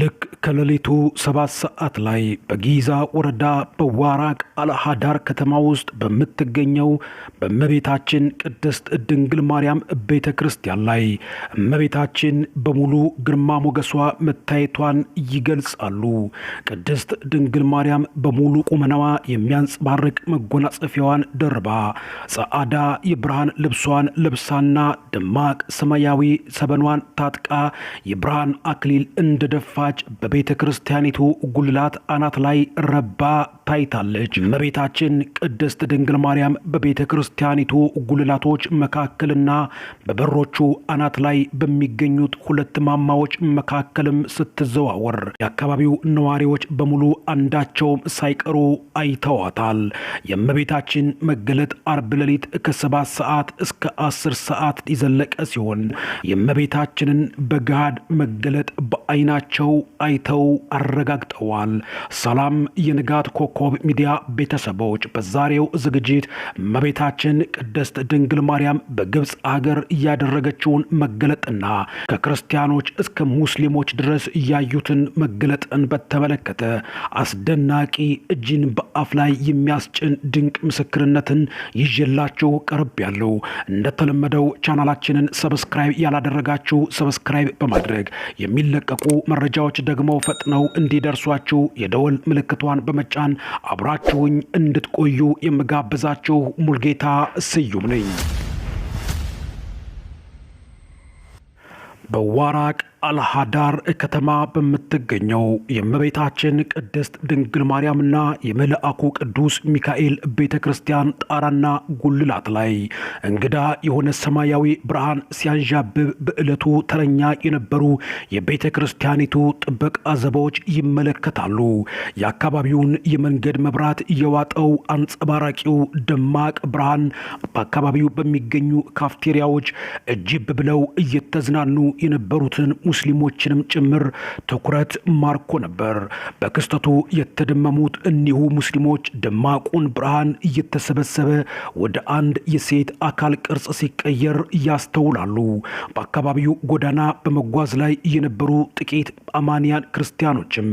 ልክ ከሌሊቱ ሰባት ሰዓት ላይ በጊዛ ወረዳ በዋራቅ አልሃዳር ከተማ ውስጥ በምትገኘው በእመቤታችን ቅድስት ድንግል ማርያም ቤተ ክርስቲያን ላይ እመቤታችን በሙሉ ግርማ ሞገሷ መታየቷን ይገልጻሉ። ቅድስት ድንግል ማርያም በሙሉ ቁመናዋ የሚያንጸባርቅ መጎናጸፊያዋን ደርባ ጸአዳ የብርሃን ልብሷን ለብሳና ደማቅ ሰማያዊ ሰበኗን ታጥቃ የብርሃን አክሊል እንደደፍ ጣፋጭ በቤተ ክርስቲያኒቱ ጉልላት አናት ላይ ረባ ታይታለች። እመቤታችን ቅድስት ድንግል ማርያም በቤተ ክርስቲያኒቱ ጉልላቶች መካከልና በበሮቹ አናት ላይ በሚገኙት ሁለት ማማዎች መካከልም ስትዘዋወር የአካባቢው ነዋሪዎች በሙሉ አንዳቸውም ሳይቀሩ አይተዋታል። የእመቤታችን መገለጥ አርብ ሌሊት ከሰባት ሰዓት እስከ አስር ሰዓት የዘለቀ ሲሆን የእመቤታችንን በገሃድ መገለጥ በአይናቸው አይተው አረጋግጠዋል። ሰላም የንጋት ኮ ኮከብ ሚዲያ ቤተሰቦች በዛሬው ዝግጅት እመቤታችን ቅድስት ድንግል ማርያም በግብፅ አገር እያደረገችውን መገለጥና ከክርስቲያኖች እስከ ሙስሊሞች ድረስ እያዩትን መገለጥን በተመለከተ አስደናቂ እጅን በአፍ ላይ የሚያስጭን ድንቅ ምስክርነትን ይዤላችሁ ቀርብ ያለው እንደተለመደው ቻናላችንን ሰብስክራይብ ያላደረጋችሁ ሰብስክራይብ በማድረግ የሚለቀቁ መረጃዎች ደግሞ ፈጥነው እንዲደርሷችሁ የደወል ምልክቷን በመጫን አብራችሁኝ እንድትቆዩ የምጋብዛችሁ ሙልጌታ ስዩም ነኝ። በዋራቅ አልሃዳር ከተማ በምትገኘው የእመቤታችን ቅድስት ድንግል ማርያምና የመልአኩ ቅዱስ ሚካኤል ቤተ ክርስቲያን ጣራና ጉልላት ላይ እንግዳ የሆነ ሰማያዊ ብርሃን ሲያንዣብብ በዕለቱ ተረኛ የነበሩ የቤተ ክርስቲያኒቱ ጥበቃ ዘቦች ይመለከታሉ። የአካባቢውን የመንገድ መብራት የዋጠው አንጸባራቂው ደማቅ ብርሃን በአካባቢው በሚገኙ ካፍቴሪያዎች እጅብ ብለው እየተዝናኑ የነበሩትን ሙስሊሞችንም ጭምር ትኩረት ማርኮ ነበር። በክስተቱ የተደመሙት እኒሁ ሙስሊሞች ደማቁን ብርሃን እየተሰበሰበ ወደ አንድ የሴት አካል ቅርጽ ሲቀየር ያስተውላሉ። በአካባቢው ጎዳና በመጓዝ ላይ የነበሩ ጥቂት አማንያን ክርስቲያኖችም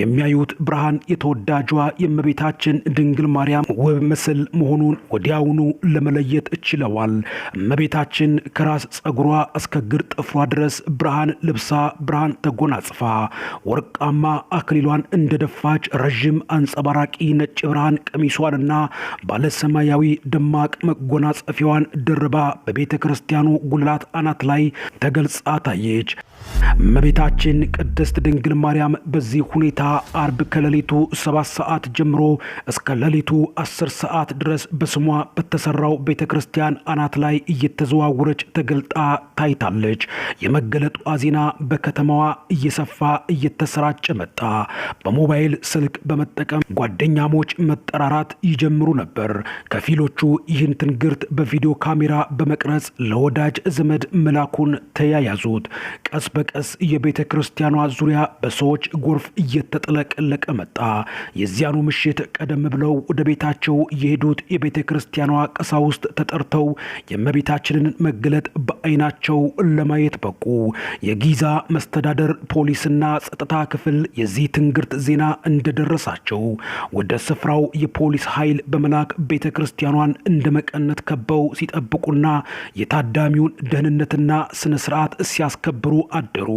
የሚያዩት ብርሃን የተወዳጇ የእመቤታችን ድንግል ማርያም ውብ ምስል መሆኑን ወዲያውኑ ለመለየት ችለዋል። እመቤታችን ከራስ ጸጉሯ እስከ ግር ጥፍሯ ድረስ ብርሃን ለብሳ ብርሃን ተጎናጽፋ ወርቃማ አክሊሏን እንደደፋች ረዥም አንጸባራቂ ነጭ ብርሃን ቀሚሷንና ባለሰማያዊ ደማቅ መጎናጸፊያዋን ደርባ በቤተ ክርስቲያኑ ጉልላት አናት ላይ ተገልጻ ታየች። እመቤታችን ቅድስት ድንግል ማርያም በዚህ ሁኔታ አርብ ከሌሊቱ ሰባት ሰዓት ጀምሮ እስከ ሌሊቱ አስር ሰዓት ድረስ በስሟ በተሰራው ቤተ ክርስቲያን አናት ላይ እየተዘዋወረች ተገልጣ ታይታለች። የመገለጧ ዜና በከተማዋ እየሰፋ እየተሰራጨ መጣ። በሞባይል ስልክ በመጠቀም ጓደኛሞች መጠራራት ይጀምሩ ነበር። ከፊሎቹ ይህን ትንግርት በቪዲዮ ካሜራ በመቅረጽ ለወዳጅ ዘመድ መላኩን ተያያዙት። ቀስ በቀስ የቤተ ክርስቲያኗ ዙሪያ በሰዎች ጎርፍ እየተጠለቀለቀ መጣ። የዚያኑ ምሽት ቀደም ብለው ወደ ቤታቸው የሄዱት የቤተ ክርስቲያኗ ቀሳውስት ተጠርተው የእመቤታችንን መገለጥ በዓይናቸው ለማየት በቁ። የጊዛ መስተዳደር ፖሊስና ጸጥታ ክፍል የዚህ ትንግርት ዜና እንደደረሳቸው ወደ ስፍራው የፖሊስ ኃይል በመላክ ቤተ ክርስቲያኗን እንደ መቀነት ከበው ሲጠብቁና የታዳሚውን ደህንነትና ስነ ስርዓት ሲያስከብሩ አደሩ።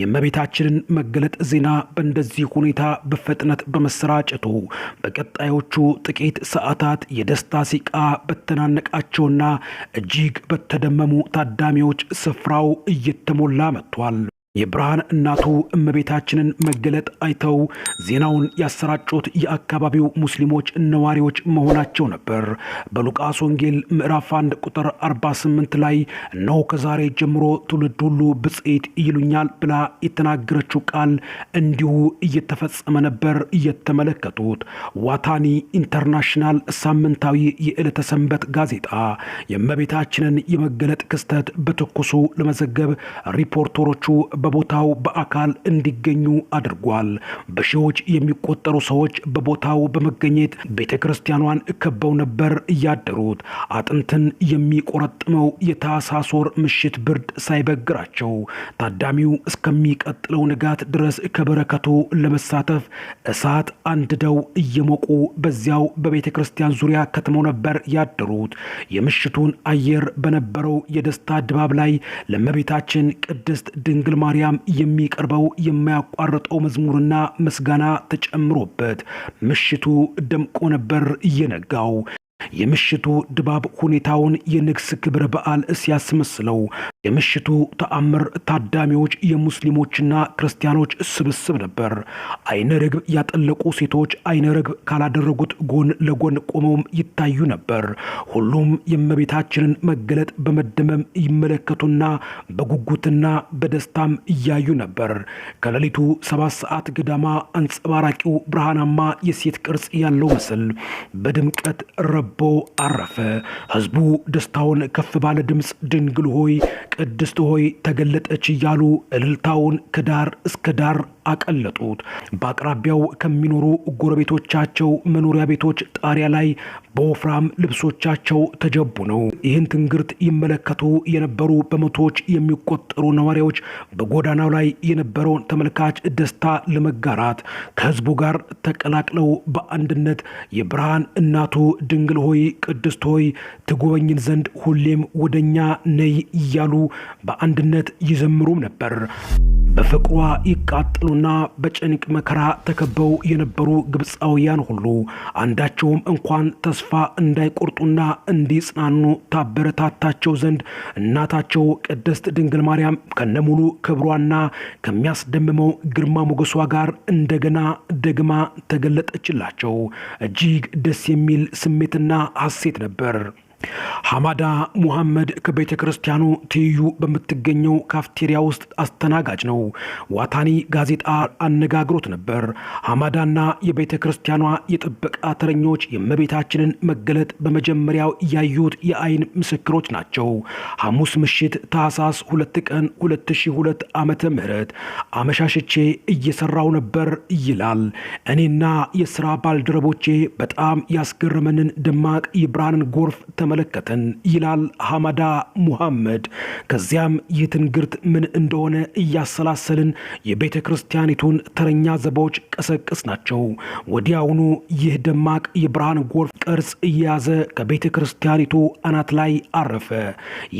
የእመቤታችንን መገለጥ ዜና በእንደዚህ ሁኔታ በፍጥነት በመሰራጨቱ በቀጣዮቹ ጥቂት ሰዓታት የደስታ ሲቃ በተናነቃቸውና እጅግ በተደመሙ ታዳሚዎች ስፍራው እየተሞላ መጥቷል። የብርሃን እናቱ እመቤታችንን መገለጥ አይተው ዜናውን ያሰራጩት የአካባቢው ሙስሊሞች ነዋሪዎች መሆናቸው ነበር። በሉቃስ ወንጌል ምዕራፍ 1 ቁጥር 48 ላይ እነሆ ከዛሬ ጀምሮ ትውልድ ሁሉ ብፅዕት ይሉኛል ብላ የተናገረችው ቃል እንዲሁ እየተፈጸመ ነበር እየተመለከቱት። ዋታኒ ኢንተርናሽናል ሳምንታዊ የዕለተ ሰንበት ጋዜጣ የእመቤታችንን የመገለጥ ክስተት በትኩሱ ለመዘገብ ሪፖርተሮቹ በቦታው በአካል እንዲገኙ አድርጓል። በሺዎች የሚቆጠሩ ሰዎች በቦታው በመገኘት ቤተ ክርስቲያኗን ከበው ነበር እያደሩት። አጥንትን የሚቆረጥመው የታህሳስ ወር ምሽት ብርድ ሳይበግራቸው ታዳሚው እስከሚቀጥለው ንጋት ድረስ ከበረከቱ ለመሳተፍ እሳት አንድደው እየሞቁ በዚያው በቤተ ክርስቲያን ዙሪያ ከትመው ነበር ያደሩት። የምሽቱን አየር በነበረው የደስታ ድባብ ላይ ለእመቤታችን ቅድስት ድንግል ማርያም ማርያም የሚቀርበው የማያቋርጠው መዝሙርና ምስጋና ተጨምሮበት ምሽቱ ደምቆ ነበር እየነጋው። የምሽቱ ድባብ ሁኔታውን የንግስ ክብረ በዓል ሲያስመስለው የምሽቱ ተአምር ታዳሚዎች የሙስሊሞችና ክርስቲያኖች ስብስብ ነበር። አይነ ርግብ ያጠለቁ ሴቶች አይነ ርግብ ካላደረጉት ጎን ለጎን ቆመውም ይታዩ ነበር። ሁሉም የእመቤታችንን መገለጥ በመደመም ይመለከቱና በጉጉትና በደስታም እያዩ ነበር። ከሌሊቱ ሰባት ሰዓት ገዳማ አንጸባራቂው ብርሃናማ የሴት ቅርጽ ያለው ምስል በድምቀት ረ ከቦ አረፈ። ህዝቡ ደስታውን ከፍ ባለ ድምፅ ድንግል ሆይ ቅድስት ሆይ ተገለጠች እያሉ እልልታውን ከዳር እስከ ዳር አቀለጡት። በአቅራቢያው ከሚኖሩ ጎረቤቶቻቸው መኖሪያ ቤቶች ጣሪያ ላይ በወፍራም ልብሶቻቸው ተጀቡ ነው። ይህን ትንግርት ይመለከቱ የነበሩ በመቶዎች የሚቆጠሩ ነዋሪዎች በጎዳናው ላይ የነበረውን ተመልካች ደስታ ለመጋራት ከህዝቡ ጋር ተቀላቅለው በአንድነት የብርሃን እናቱ ድንግል ድንግል ሆይ ቅድስት ሆይ ትጎበኝን ዘንድ ሁሌም ወደኛ ነይ እያሉ በአንድነት ይዘምሩም ነበር። በፍቅሯ ይቃጠሉና በጭንቅ መከራ ተከበው የነበሩ ግብፃውያን ሁሉ አንዳቸውም እንኳን ተስፋ እንዳይቆርጡና እንዲጽናኑ ታበረታታቸው ዘንድ እናታቸው ቅድስት ድንግል ማርያም ከነሙሉ ክብሯና ከሚያስደምመው ግርማ ሞገሷ ጋር እንደገና ደግማ ተገለጠችላቸው። እጅግ ደስ የሚል ስሜትና እና ሐሴት ነበር። ሐማዳ ሙሐመድ ከቤተ ክርስቲያኑ ትይዩ በምትገኘው ካፍቴሪያ ውስጥ አስተናጋጅ ነው። ዋታኒ ጋዜጣ አነጋግሮት ነበር። ሐማዳና የቤተ ክርስቲያኗ የጥበቃ ተረኞች የእመቤታችንን መገለጥ በመጀመሪያው ያዩት የአይን ምስክሮች ናቸው። ሐሙስ ምሽት ታህሳስ ሁለት ቀን 2002 ዓመተ ምህረት አመሻሽቼ እየሰራው ነበር ይላል። እኔና የሥራ ባልደረቦቼ በጣም ያስገረመንን ደማቅ የብርሃንን ጎርፍ ተመ አመለከተን ይላል ሐማዳ ሙሐመድ። ከዚያም ይህ ትንግርት ምን እንደሆነ እያሰላሰልን የቤተ ክርስቲያኒቱን ተረኛ ዘባዎች ቀሰቅስ ናቸው። ወዲያውኑ ይህ ደማቅ የብርሃን ጎርፍ ቅርጽ እየያዘ ከቤተ ክርስቲያኒቱ አናት ላይ አረፈ።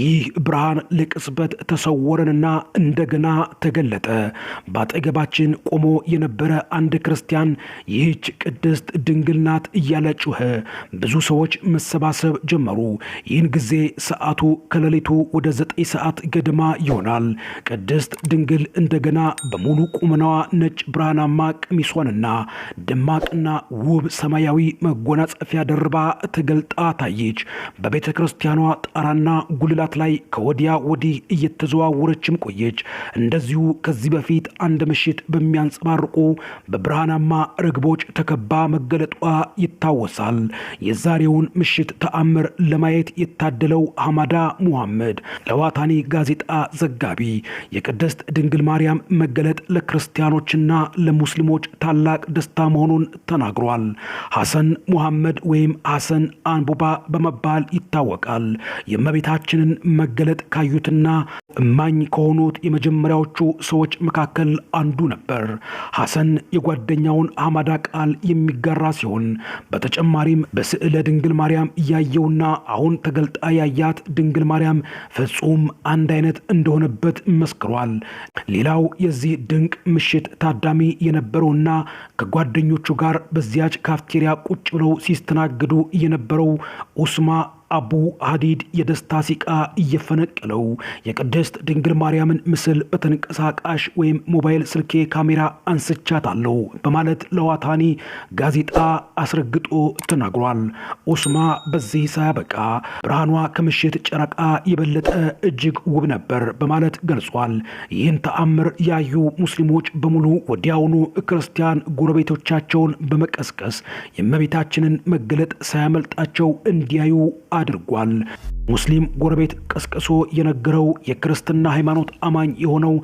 ይህ ብርሃን ለቅጽበት ተሰወረንና እንደገና ተገለጠ። በአጠገባችን ቆሞ የነበረ አንድ ክርስቲያን ይህች ቅድስት ድንግል ናት እያለ ጩኸ። ብዙ ሰዎች መሰባሰብ ጀመሩ። ጀመሩ። ይህን ጊዜ ሰዓቱ ከሌሊቱ ወደ ዘጠኝ ሰዓት ገደማ ይሆናል። ቅድስት ድንግል እንደገና በሙሉ ቁመናዋ ነጭ ብርሃናማ ቀሚሷንና ደማቅና ውብ ሰማያዊ መጎናጸፊያ ደርባ ተገልጣ ታየች። በቤተ ክርስቲያኗ ጣራና ጉልላት ላይ ከወዲያ ወዲህ እየተዘዋወረችም ቆየች። እንደዚሁ ከዚህ በፊት አንድ ምሽት በሚያንጸባርቁ በብርሃናማ ርግቦች ተከባ መገለጧ ይታወሳል። የዛሬውን ምሽት ተአምር ለማየት የታደለው ሐማዳ ሙሐመድ ለዋታኒ ጋዜጣ ዘጋቢ የቅድስት ድንግል ማርያም መገለጥ ለክርስቲያኖችና ለሙስሊሞች ታላቅ ደስታ መሆኑን ተናግሯል። ሐሰን ሙሐመድ ወይም ሐሰን አንቡባ በመባል ይታወቃል። የእመቤታችንን መገለጥ ካዩትና እማኝ ከሆኑት የመጀመሪያዎቹ ሰዎች መካከል አንዱ ነበር። ሐሰን የጓደኛውን ሐማዳ ቃል የሚጋራ ሲሆን በተጨማሪም በስዕለ ድንግል ማርያም እያየውና አሁን ተገልጣ ያያት ድንግል ማርያም ፍጹም አንድ አይነት እንደሆነበት መስክሯል። ሌላው የዚህ ድንቅ ምሽት ታዳሚ የነበረውና ከጓደኞቹ ጋር በዚያች ካፍቴሪያ ቁጭ ብለው ሲስተናግዱ የነበረው ኡስማ አቡ ሀዲድ የደስታ ሲቃ እየፈነቀለው የቅድስት ድንግል ማርያምን ምስል በተንቀሳቃሽ ወይም ሞባይል ስልኬ ካሜራ አንስቻታለሁ በማለት ለዋታኒ ጋዜጣ አስረግጦ ተናግሯል። ኡስማ በዚህ ሳያበቃ ብርሃኗ ከምሽት ጨረቃ የበለጠ እጅግ ውብ ነበር በማለት ገልጿል። ይህን ተአምር ያዩ ሙስሊሞች በሙሉ ወዲያውኑ ክርስቲያን ጎረቤቶቻቸውን በመቀስቀስ የእመቤታችንን መገለጥ ሳያመልጣቸው እንዲያዩ አድርጓል። ሙስሊም ጎረቤት ቀስቅሶ የነገረው የክርስትና ሃይማኖት አማኝ የሆነው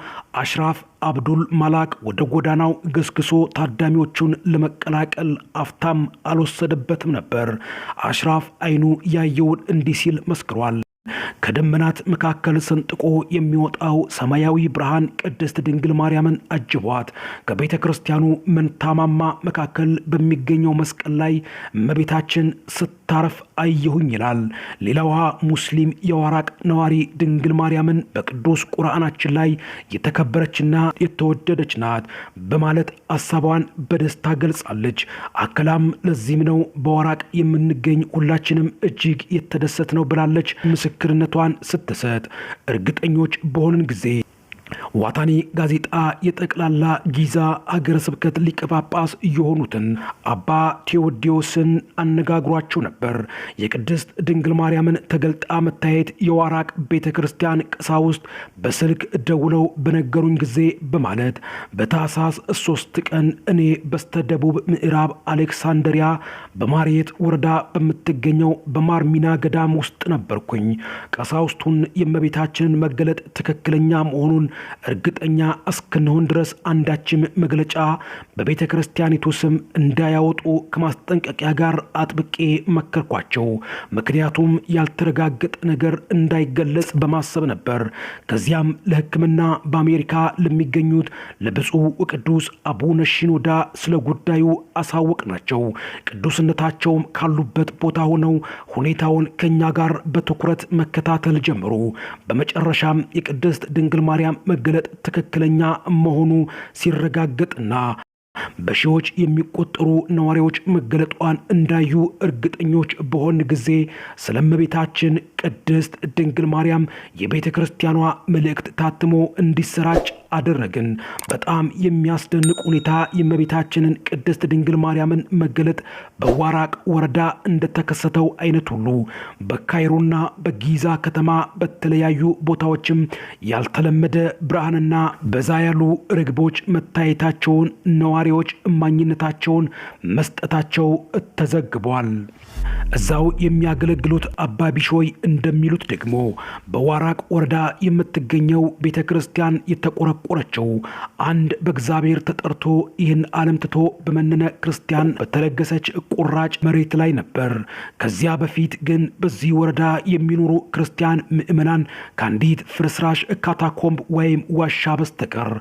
አሽራፍ አብዱል ማላክ ወደ ጎዳናው ገስግሶ ታዳሚዎቹን ለመቀላቀል አፍታም አልወሰደበትም ነበር። አሽራፍ አይኑ ያየውን እንዲህ ሲል መስክሯል። ከደመናት መካከል ሰንጥቆ የሚወጣው ሰማያዊ ብርሃን ቅድስት ድንግል ማርያምን አጅቧት ከቤተ ክርስቲያኑ መንታማማ መካከል በሚገኘው መስቀል ላይ እመቤታችን ስት ስትታረፍ አየሁኝ ይላል። ሌላዋ ሙስሊም የዋራቅ ነዋሪ ድንግል ማርያምን በቅዱስ ቁርአናችን ላይ የተከበረችና የተወደደች ናት በማለት ሀሳቧን በደስታ ገልጻለች። አከላም ለዚህም ነው በወራቅ የምንገኝ ሁላችንም እጅግ የተደሰት ነው ብላለች ምስክርነቷን ስትሰጥ እርግጠኞች በሆንን ጊዜ ዋታኒ ጋዜጣ የጠቅላላ ጊዛ ሀገረ ስብከት ሊቀ ጳጳስ የሆኑትን አባ ቴዎዲዎስን አነጋግሯቸው ነበር። የቅድስት ድንግል ማርያምን ተገልጣ መታየት የዋራቅ ቤተ ክርስቲያን ቀሳውስት በስልክ ደውለው በነገሩኝ ጊዜ በማለት በታህሳስ ሶስት ቀን እኔ በስተደቡብ ምዕራብ አሌክሳንደሪያ በማርየት ወረዳ በምትገኘው በማርሚና ገዳም ውስጥ ነበርኩኝ። ቀሳውስቱን የእመቤታችንን መገለጥ ትክክለኛ መሆኑን እርግጠኛ እስክንሆን ድረስ አንዳችም መግለጫ በቤተ ክርስቲያኒቱ ስም እንዳያወጡ ከማስጠንቀቂያ ጋር አጥብቄ መከርኳቸው። ምክንያቱም ያልተረጋገጠ ነገር እንዳይገለጽ በማሰብ ነበር። ከዚያም ለሕክምና በአሜሪካ ለሚገኙት ለብፁዕ ወቅዱስ አቡነ ሺኖዳ ስለ ጉዳዩ አሳወቅ ናቸው። ቅዱስነታቸውም ካሉበት ቦታ ሆነው ሁኔታውን ከእኛ ጋር በትኩረት መከታተል ጀመሩ። በመጨረሻም የቅድስት ድንግል ማርያም መገለጥ ትክክለኛ መሆኑ ሲረጋገጥና በሺዎች የሚቆጠሩ ነዋሪዎች መገለጧን እንዳዩ እርግጠኞች በሆን ጊዜ ስለ እመቤታችን ቅድስት ድንግል ማርያም የቤተ ክርስቲያኗ መልእክት ታትሞ እንዲሰራጭ አደረግን። በጣም የሚያስደንቅ ሁኔታ የእመቤታችንን ቅድስት ድንግል ማርያምን መገለጥ በዋራቅ ወረዳ እንደተከሰተው አይነት ሁሉ በካይሮና በጊዛ ከተማ በተለያዩ ቦታዎችም ያልተለመደ ብርሃንና በዛ ያሉ ርግቦች መታየታቸውን ነዋሪ ተማሪዎች እማኝነታቸውን መስጠታቸው ተዘግቧል። እዛው የሚያገለግሉት አባቢሾይ እንደሚሉት ደግሞ በዋራቅ ወረዳ የምትገኘው ቤተ ክርስቲያን የተቆረቆረችው አንድ በእግዚአብሔር ተጠርቶ ይህን ዓለም ትቶ በመነነ ክርስቲያን በተለገሰች ቁራጭ መሬት ላይ ነበር። ከዚያ በፊት ግን በዚህ ወረዳ የሚኖሩ ክርስቲያን ምዕመናን ከአንዲት ፍርስራሽ ካታኮምብ ወይም ዋሻ በስተቀር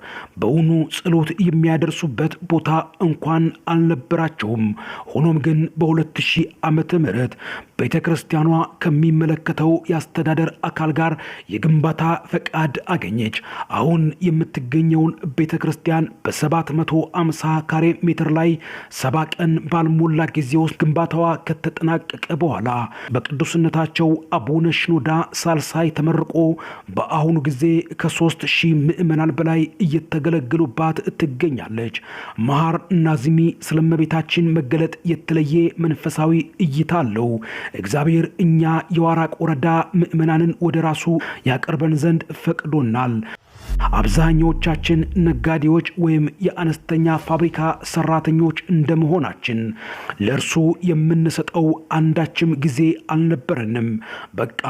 በውኑ ጸሎት የሚያደርሱበት ቦታ እንኳን አልነበራቸውም። ሆኖም ግን በ ሺህ ዓመት تمرت ቤተ ክርስቲያኗ ከሚመለከተው የአስተዳደር አካል ጋር የግንባታ ፈቃድ አገኘች። አሁን የምትገኘውን ቤተ ክርስቲያን በ750 ካሬ ሜትር ላይ ሰባ ቀን ባልሞላ ጊዜ ውስጥ ግንባታዋ ከተጠናቀቀ በኋላ በቅዱስነታቸው አቡነ ሽኖዳ ሳልሳይ ተመርቆ በአሁኑ ጊዜ ከሶስት ሺህ ምዕመናን በላይ እየተገለገሉባት ትገኛለች። መሐር ናዚሚ ስለመቤታችን መገለጥ የተለየ መንፈሳዊ እይታ አለው። እግዚአብሔር እኛ የዋራቅ ወረዳ ምዕመናንን ወደ ራሱ ያቀርበን ዘንድ ፈቅዶናል። አብዛኛዎቻችን ነጋዴዎች ወይም የአነስተኛ ፋብሪካ ሰራተኞች እንደመሆናችን ለእርሱ የምንሰጠው አንዳችም ጊዜ አልነበረንም። በቃ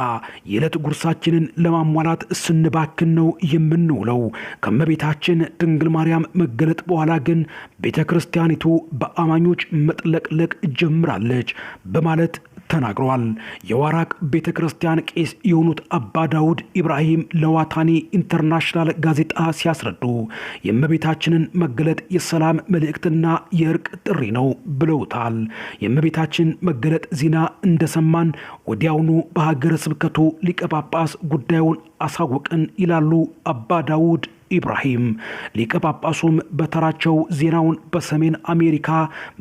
የዕለት ጉርሳችንን ለማሟላት ስንባክን ነው የምንውለው። ከመቤታችን ድንግል ማርያም መገለጥ በኋላ ግን ቤተ ክርስቲያኒቱ በአማኞች መጥለቅለቅ ጀምራለች በማለት ተናግረዋል። የዋራቅ ቤተ ክርስቲያን ቄስ የሆኑት አባ ዳውድ ኢብራሂም ለዋታኒ ኢንተርናሽናል ጋዜጣ ሲያስረዱ የእመቤታችንን መገለጥ የሰላም መልእክትና የእርቅ ጥሪ ነው ብለውታል። የእመቤታችን መገለጥ ዜና እንደሰማን ወዲያውኑ በሀገረ ስብከቱ ሊቀ ጳጳስ ጉዳዩን አሳወቅን ይላሉ አባ ዳውድ ኢብራሂም ሊቀ ጳጳሱም በተራቸው ዜናውን በሰሜን አሜሪካ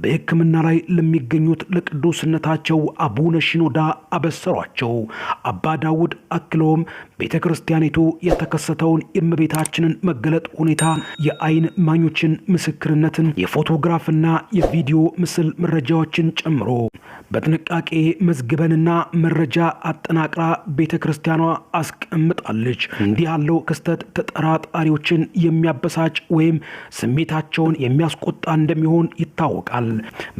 በሕክምና ላይ ለሚገኙት ለቅዱስነታቸው አቡነ ሺኖዳ አበሰሯቸው። አባ ዳውድ አክሎም ቤተ ክርስቲያኒቱ የተከሰተውን የእመቤታችንን መገለጥ ሁኔታ የአይን ማኞችን ምስክርነትን፣ የፎቶግራፍና የቪዲዮ ምስል መረጃዎችን ጨምሮ በጥንቃቄ መዝግበንና መረጃ አጠናቅራ ቤተ ክርስቲያኗ አስቀምጣለች። እንዲህ ያለው ክስተት ተጠራጣሪዎች ሰዎችን የሚያበሳጭ ወይም ስሜታቸውን የሚያስቆጣ እንደሚሆን ይታወቃል።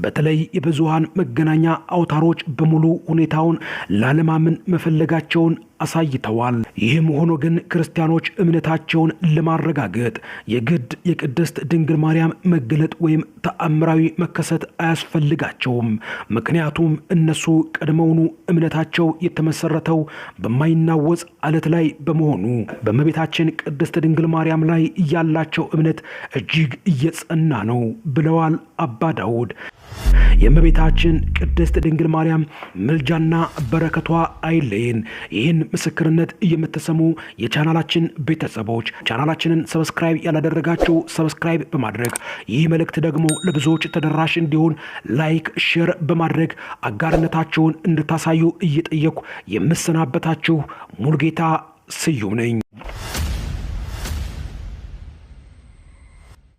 በተለይ የብዙሃን መገናኛ አውታሮች በሙሉ ሁኔታውን ላለማመን መፈለጋቸውን አሳይተዋል። ይህም ሆኖ ግን ክርስቲያኖች እምነታቸውን ለማረጋገጥ የግድ የቅድስት ድንግል ማርያም መገለጥ ወይም ተአምራዊ መከሰት አያስፈልጋቸውም። ምክንያቱም እነሱ ቀድመውኑ እምነታቸው የተመሰረተው በማይናወጽ አለት ላይ በመሆኑ በእመቤታችን ቅድስት ድንግል ማርያም ላይ ያላቸው እምነት እጅግ እየጸና ነው ብለዋል አባ ዳውድ። የእመቤታችን ቅድስት ድንግል ማርያም ምልጃና በረከቷ አይለይን። ይህን ምስክርነት የምትሰሙ የቻናላችን ቤተሰቦች ቻናላችንን ሰብስክራይብ ያላደረጋችሁ ሰብስክራይብ በማድረግ ይህ መልእክት ደግሞ ለብዙዎች ተደራሽ እንዲሆን ላይክ፣ ሼር በማድረግ አጋርነታችሁን እንድታሳዩ እየጠየኩ የምሰናበታችሁ ሙሉጌታ ስዩም ነኝ።